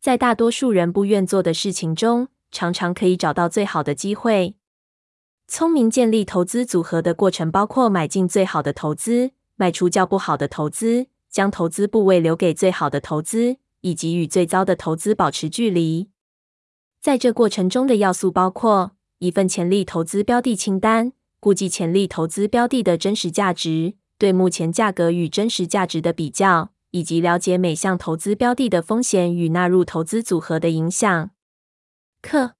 在大多數人不願做的事情中，常常可以找到最好的機會。聰明建立投資組合的過程包括買進最好的投資，賣出較不好的投資，將投資部位留給最好的投資，以及與最糟的投資保持距離。在這過程中的要素包括一份潛力投資標的清單，估計潛力投資標的的真實價值，對目前價格與真實價值的比較。以及了解每項投資標的的風險與納入投資組合的影響。課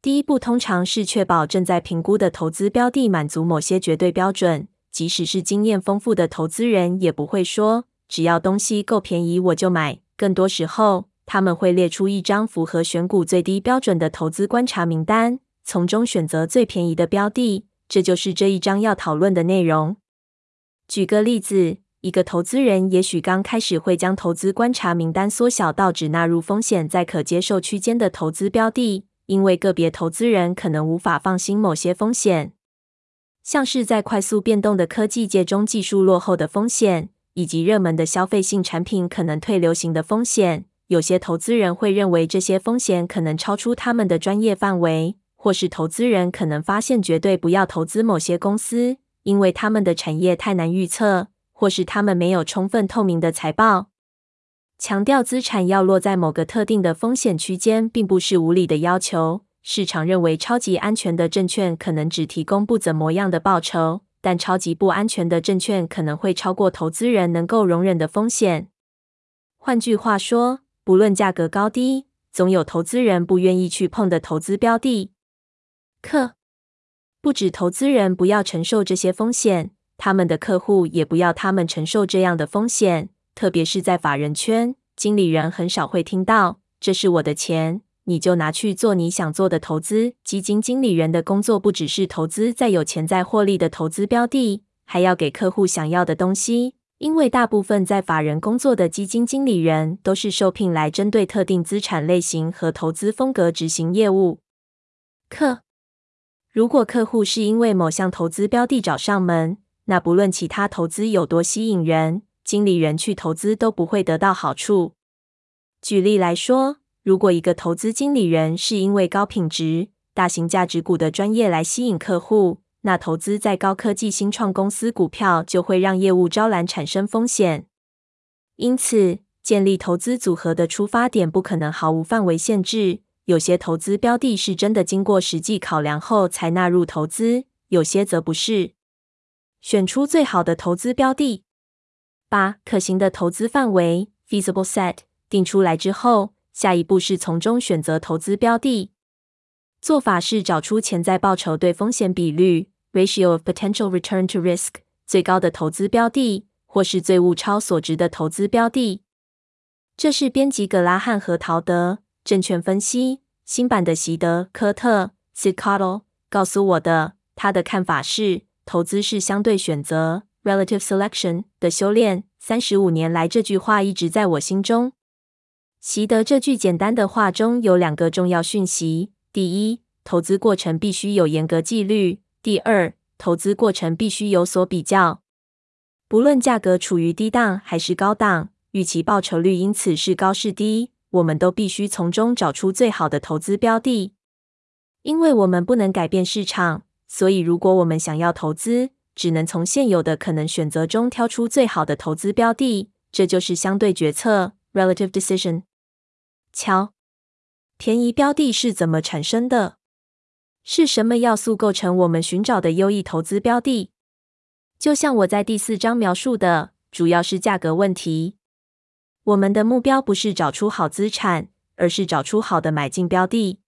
第一步通常是確保正在評估的投資標的滿足某些絕對標準。即使是經驗豐富的投資人，也不會說只要東西夠便宜我就買。更多時候，他們會列出一張符合選股最低標準的投資觀察名單，從中選擇最便宜的標的。這就是這一章要討論的內容。舉個例子。一個投資人也許剛開始會將投資觀察名單縮小到只納入風險在可接受區間的投資標的，因為個別投資人可能無法放心某些風險，像是在快速變動的科技界中技術落後的風險，以及熱門的消費性產品可能退流行的風險。有些投資人會認為這些風險可能超出他們的專業範圍，或是投資人可能發現絕對不要投資某些公司，因為他們的產業太難預測，或是他們沒有充分透明的財報，強調資產要落在某個特定的風險區間，並不是無理的要求。市場認為超級安全的證券可能只提供不怎麼樣的報酬，但超級不安全的證券可能會超過投資人能夠容忍的風險。換句話說，不論價格高低，總有投資人不願意去碰的投資標的。可。不止投資人不要承受這些風險。他們的客戶也不要他們承受這樣的風險，特別是在法人圈，經理人很少會聽到“這是我的錢，你就拿去做你想做的投資”。基金經理人的工作不只是投資在有潛在獲利的投資標的，還要給客戶想要的東西。因為大部分在法人工作的基金經理人都是受聘來針對特定資產類型和投資風格執行業務。客如果客戶是因為某項投資標的找上門，那不論其他投資有多吸引人，經理人去投資都不會得到好處。舉例來說，如果一個投資經理人是因為高品質、大型價值股的專業來吸引客戶，那投資在高科技新創公司股票就會讓業務招攬產生風險。因此，建立投資組合的出發點不可能毫無範圍限制。有些投資標的是真的經過實際考量後才納入投資，有些則不是。選出最好的投資標的。把可行的投資範圍 （feasible set） 定出來之後，下一步是從中選擇投資標的。做法是找出潛在報酬對風險比率 （ratio of potential return to risk） 最高的投資標的，或是最物超所值的投資標的。這是編輯格拉漢和陶德證券分析新版的席德科特 Sid Cottle 告訴我的。他的看法是。投資是相對選擇 （relative selection） 的修煉。三十五年來，這句話一直在我心中。習得這句簡單的話中有兩個重要訊息：第一，投資過程必須有嚴格紀律；第二，投資過程必須有所比較。不論價格處於低檔還是高檔，與其報酬率因此是高是低，我們都必須從中找出最好的投資標的，因為我們不能改變市場。所以，如果我們想要投資，只能從現有的可能選擇中挑出最好的投資標的，這就是相對決策 （relative decision）。瞧，便宜標的是怎麼產生的？是什麼要素構成我們尋找的優異投資標的？就像我在第四章描述的，主要是價格問題。我們的目標不是找出好資產，而是找出好的買進標的。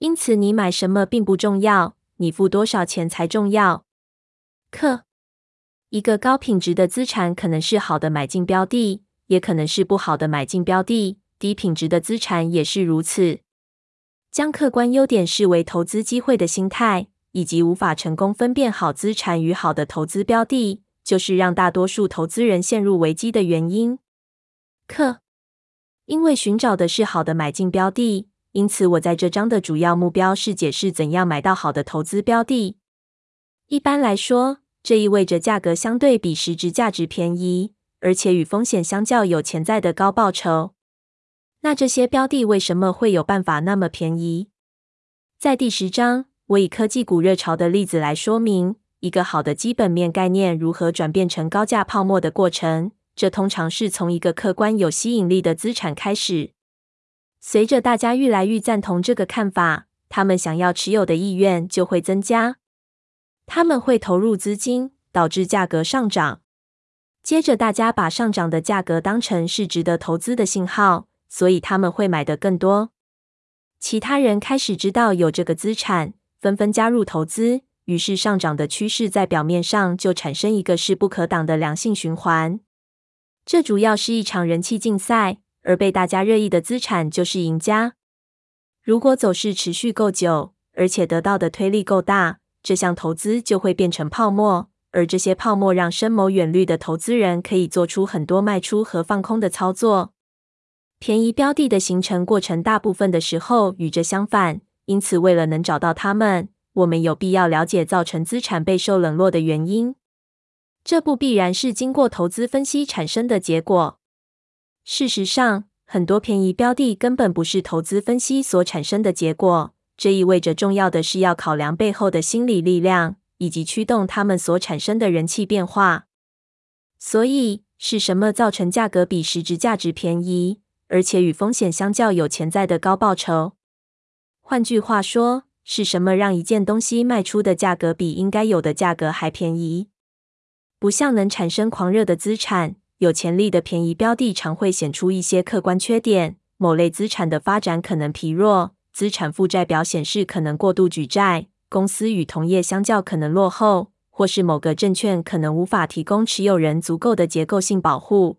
因此，你買什麼並不重要。你付多少錢才重要。客一個高品質的資產可能是好的買進標的，也可能是不好的買進標的。低品質的資產也是如此。將客觀優點視為投資機會的心態，以及無法成功分辨好資產與好的投資標的，就是讓大多數投資人陷入危機的原因。客因為尋找的是好的買進標的。因此，我在這章的主要目標是解釋怎樣買到好的投資標的。一般來說，這意味着價格相對比實質價值便宜，而且與風險相較有潛在的高報酬。那這些標的為什麼會有辦法那麼便宜？在第十章，我以科技股熱潮的例子來說明，一個好的基本面概念如何轉變成高價泡沫的過程，這通常是從一個客觀有吸引力的資產開始。隨着大家越來越贊同這個看法，他們想要持有的意願就會增加，他們會投入資金，導致價格上漲。接着，大家把上漲的價格當成是值得投資的信號，所以他們會買的更多。其他人開始知道有這個資產，紛紛加入投資，於是上漲的趨勢在表面上就產生一個勢不可擋的良性循環。這主要是一場人氣競賽。而被大家熱議的資產就是贏家。如果走勢持續夠久，而且得到的推力夠大，這項投資就會變成泡沫。而這些泡沫讓深謀遠慮的投資人可以做出很多賣出和放空的操作。便宜標的的形成過程，大部分的時候與這相反。因此，為了能找到它們，我們有必要了解造成資產備受冷落的原因。這不必然是經過投資分析產生的結果。事實上，很多便宜標的根本不是投資分析所產生的結果。這意味着，重要的是要考量背後的心理力量，以及驅動它們所產生的人氣變化。所以，是什麼造成價格比實質價值便宜，而且與風險相較有潛在的高報酬？換句話說，是什麼讓一件東西賣出的價格比應該有的價格還便宜？不像能產生狂熱的資產。有潛力的便宜標的常會顯出一些客觀缺點。某類資產的發展可能疲弱，資產負債表顯示可能過度舉債，公司與同業相較可能落後，或是某個證券可能無法提供持有人足夠的結構性保護。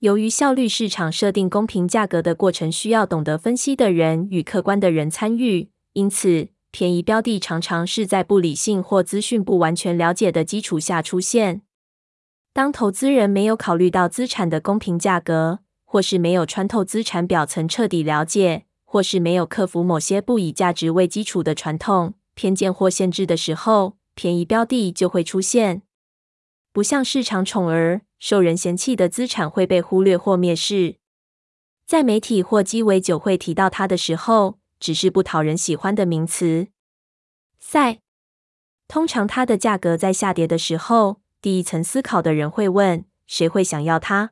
由於效率市場設定公平價格的過程需要懂得分析的人與客觀的人參與，因此便宜標的常常是在不理性或資訊不完全了解的基礎下出現。當投資人沒有考慮到資產的公平價格，或是沒有穿透資產表層徹底了解，或是沒有克服某些不以價值為基礎的傳統偏見或限制的時候，便宜標的就會出現。不像市場寵兒，受人嫌棄的資產會被忽略或蔑視。在媒體或雞尾酒會提到它的時候，只是不討人喜歡的名詞。賽，通常它的價格在下跌的時候。第一層思考的人會問：誰會想要它？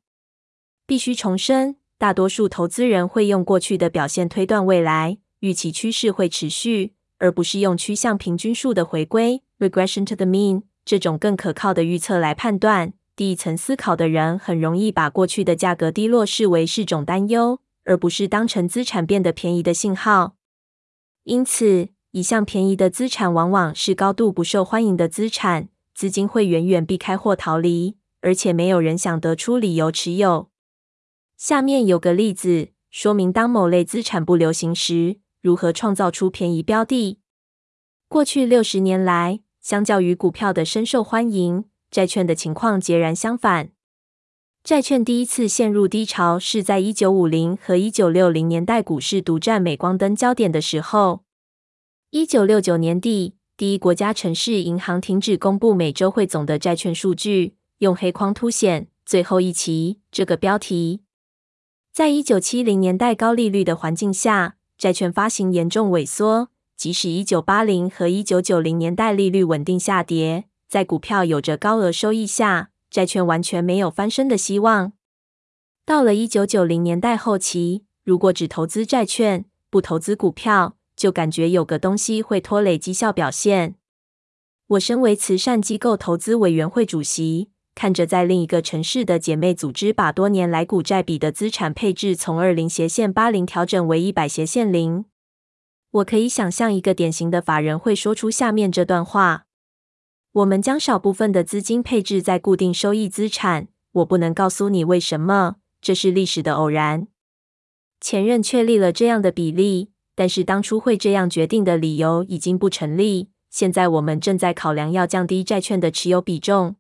必須重申，大多數投資人會用過去的表現推斷未來，預期趨勢會持續，而不是用趨向平均數的回歸 （regression to the mean） 這種更可靠的預測來判斷。第一層思考的人很容易把過去的價格低落視為是種擔憂，而不是當成資產變得便宜的信號。因此，一項便宜的資產往往是高度不受歡迎的資產。資金會遠遠避開或逃離，而且沒有人想得出理由持有。下面有個例子說明，當某類資產不流行時，如何創造出便宜標的。過去六十年來，相較於股票的深受歡迎，債券的情況截然相反。債券第一次陷入低潮是在一九五零和一九六零年代股市獨占鎂光燈焦點的時候。一九六九年底。第一國家城市銀行停止公布每週匯總的債券數據，用黑框凸顯最後一期這個標題。在一九七零年代高利率的環境下，債券發行嚴重萎縮。即使一九八零和一九九零年代利率穩定下跌，在股票有着高額收益下，債券完全沒有翻身的希望。到了一九九零年代後期，如果只投資債券，不投資股票。就感覺有個東西會拖累績效表現。我身為慈善機構投資委員會主席，看着在另一個城市的姐妹組織把多年來股債比的資產配置從二零斜線八零調整為一百斜線零，我可以想象一個典型的法人會說出下面這段話：“我們將少部分的資金配置在固定收益資產，我不能告訴你為什麼，這是歷史的偶然。前任確立了這樣的比例。”但是當初會這樣決定的理由已經不成立。現在我們正在考量要降低債券的持有比重。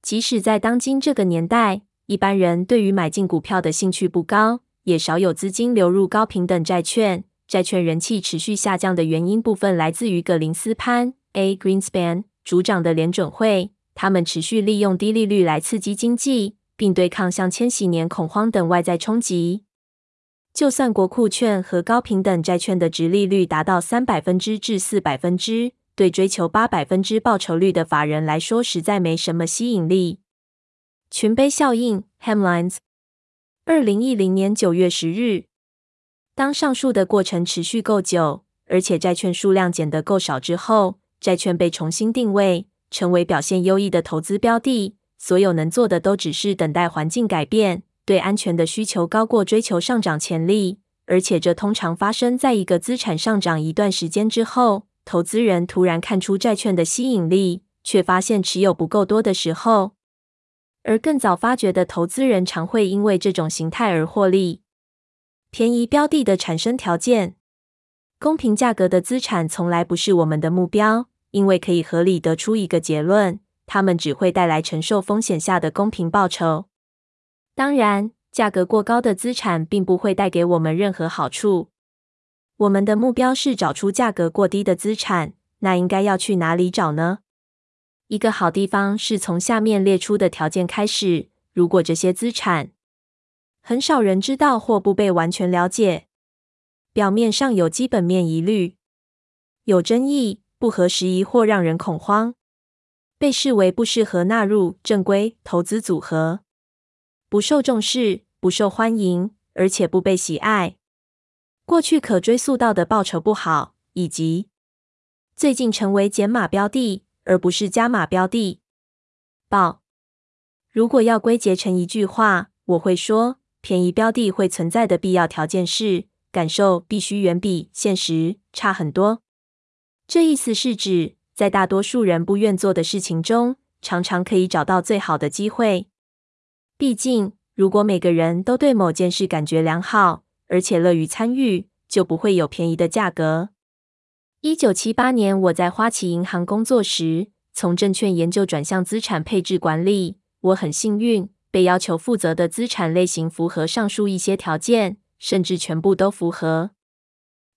即使在當今這個年代，一般人對於買進股票的興趣不高，也少有資金流入高評等債券。債券人氣持續下降的原因，部分來自於葛林斯潘 （A. Greenspan） 主掌的聯準會，他們持續利用低利率來刺激經濟，並對抗像千禧年恐慌等外在衝擊。就算國庫券和高評等債券的殖利率達到百分之三至百分之四，對追求百分之八報酬率的法人來說，實在沒什麼吸引力。裙襬效應 （Hemlines），二零一零年九月十日。當上述的過程持續夠久，而且債券數量減得夠少之後，債券被重新定位，成為表現優異的投資標的。所有能做的，都只是等待環境改變。對安全的需求高過追求上漲潛力，而且這通常發生在一個資產上漲一段時間之後，投資人突然看出債券的吸引力，卻發現持有不夠多的時候。而更早發覺的投資人常會因為這種形態而獲利。便宜標的的產生條件，公平價格的資產從來不是我們的目標，因為可以合理得出一個結論，它們只會帶來承受風險下的公平報酬。當然，價格過高的資產並不會帶給我們任何好處。我們的目標是找出價格過低的資產。那應該要去哪裡找呢？一個好地方是從下面列出的條件開始：如果這些資產很少人知道或不被完全了解，表面上有基本面疑慮、有爭議、不合時宜或讓人恐慌，被視為不適合納入正規投資組合。不受重視，不受歡迎，而且不被喜愛。過去可追溯到的報酬不好，以及最近成為減碼標的，而不是加碼標的。報。如果要歸結成一句話，我會說，便宜標的會存在的必要條件是，感受必須遠比現實差很多。這意思是指，在大多數人不願做的事情中，常常可以找到最好的機會。畢竟，如果每個人都對某件事感覺良好，而且樂於參與，就不會有便宜的價格。一九七八年，我在花旗銀行工作時，從證券研究轉向資產配置管理。我很幸運，被要求負責的資產類型符合上述一些條件，甚至全部都符合。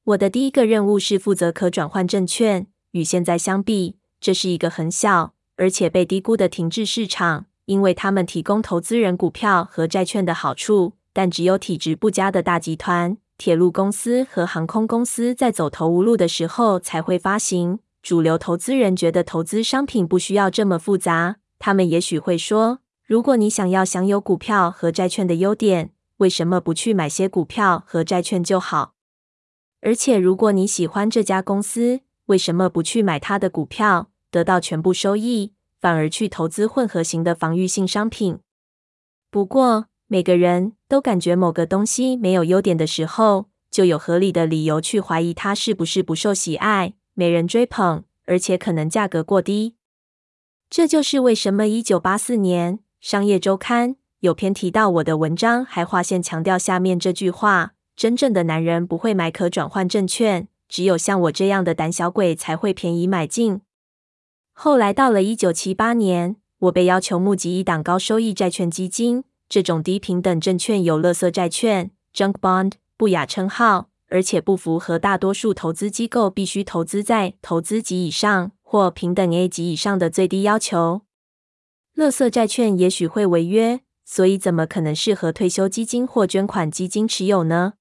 我的第一個任務是負責可轉換證券。與現在相比，這是一個很小而且被低估的停滯市場。因為他們提供投資人股票和債券的好處，但只有體質不佳的大集團、鐵路公司和航空公司在走投無路的時候才會發行。主流投資人覺得投資商品不需要這麼複雜，他們也許會說：“如果你想要享有股票和債券的優點，為什麼不去買些股票和債券就好？而且如果你喜歡這家公司，為什麼不去買它的股票，得到全部收益？”反而去投資混合型的防禦性商品。不過，每個人都感覺某個東西沒有優點的時候，就有合理的理由去懷疑它是不是不受喜愛、沒人追捧，而且可能價格過低。這就是為什麼一九八四年《商業週刊》有篇提到我的文章，還劃線強調下面這句話：“真正的男人不會買可轉換證券，只有像我這樣的膽小鬼才會便宜買進。”後來到了一九七八年，我被要求募集一檔高收益債券基金。這種低平等證券有“垃圾債券 ”（junk bond） 不雅稱號，而且不符合大多數投資機構必須投資在投資級以上或平等 A 級以上的最低要求。垃圾債券也許會違約，所以怎麼可能適合退休基金或捐款基金持有呢？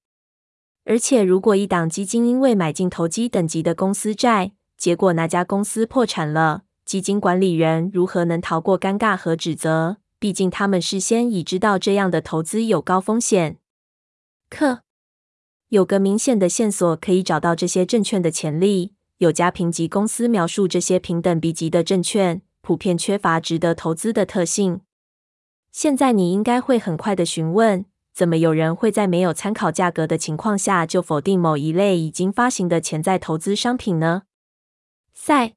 而且，如果一檔基金因為買進投機等級的公司債，結果那家公司破產了？基金管理人如何能逃過尷尬和指責？畢竟他們事先已知道這樣的投資有高風險。可有個明顯的線索可以找到這些證券的潛力。有家評級公司描述這些平等 B 級的證券普遍缺乏值得投資的特性。現在你應該會很快的詢問：怎麼有人會在沒有參考價格的情況下就否定某一類已經發行的潛在投資商品呢？賽，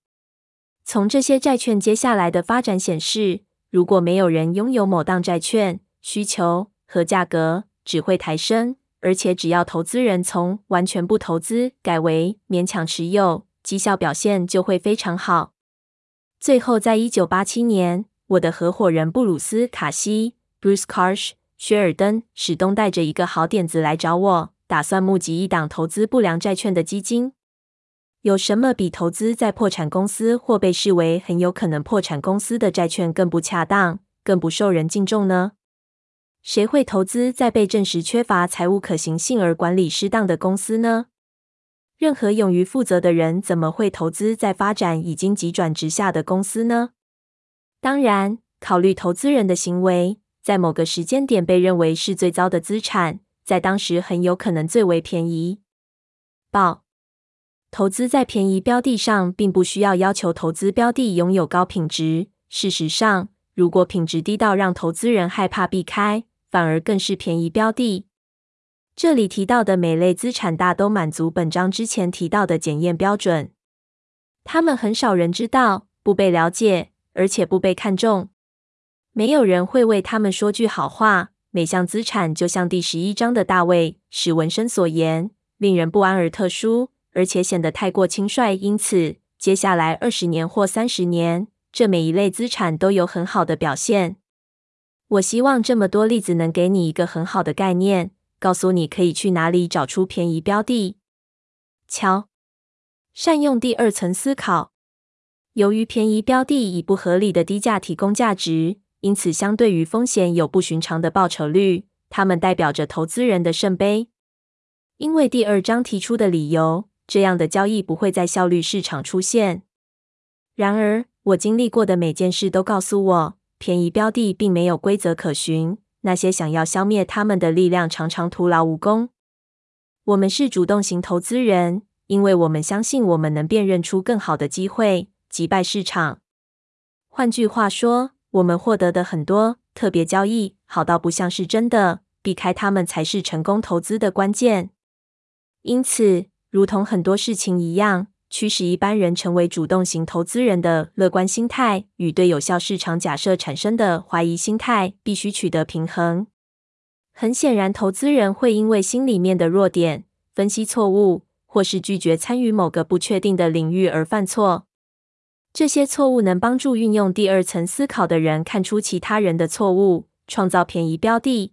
從這些債券接下來的發展顯示，如果沒有人擁有某檔債券，需求和價格只會抬升，而且只要投資人從完全不投資改為勉強持有，績效表現就會非常好。最後，在一九八七年，我的合夥人布魯斯·卡西 （Bruce Karsh）· 薛爾登·史東帶着一個好點子來找我，打算募集一檔投資不良債券的基金。有什麼比投資在破產公司或被視為很有可能破產公司的債券更不恰當、更不受人敬重呢？誰會投資在被證實缺乏財務可行性而管理失當的公司呢？任何勇於負責的人怎麼會投資在發展已經急轉直下的公司呢？當然，考慮投資人的行為，在某個時間點被認為是最糟的資產，在當時很有可能最為便宜。報。投資在便宜標的上，並不需要要求投資標的擁有高品質。事實上，如果品質低到讓投資人害怕避開，反而更是便宜標的。這裡提到的每類資產大都滿足本章之前提到的檢驗標準。他們很少人知道，不被了解，而且不被看重。沒有人會為他們說句好話。每項資產就像第十一章的大衛史文生所言，令人不安而特殊。而且顯得太過輕率，因此接下來二十年或三十年，這每一類資產都有很好的表現。我希望這麼多例子能給你一個很好的概念，告訴你可以去哪裡找出便宜標的。瞧，善用第二層思考。由於便宜標的以不合理的低價提供價值，因此相對於風險有不尋常的報酬率，它們代表着投資人的聖杯。因為第二章提出的理由。這樣的交易不會在效率市場出現。然而，我經歷過的每件事都告訴我，便宜標的並沒有規則可循。那些想要消滅他們的力量常常徒勞無功。我們是主動型投資人，因為我們相信我們能辨認出更好的機會，擊敗市場。換句話說，我們獲得的很多特別交易，好到不像是真的。避開他們才是成功投資的關鍵。因此。如同很多事情一樣，驅使一般人成為主動型投資人的樂觀心態與對有效市場假設產生的懷疑心態必須取得平衡。很顯然，投資人會因為心裡面的弱點、分析錯誤，或是拒絕參與某個不確定的領域而犯錯。這些錯誤能幫助運用第二層思考的人看出其他人的錯誤，創造便宜標的。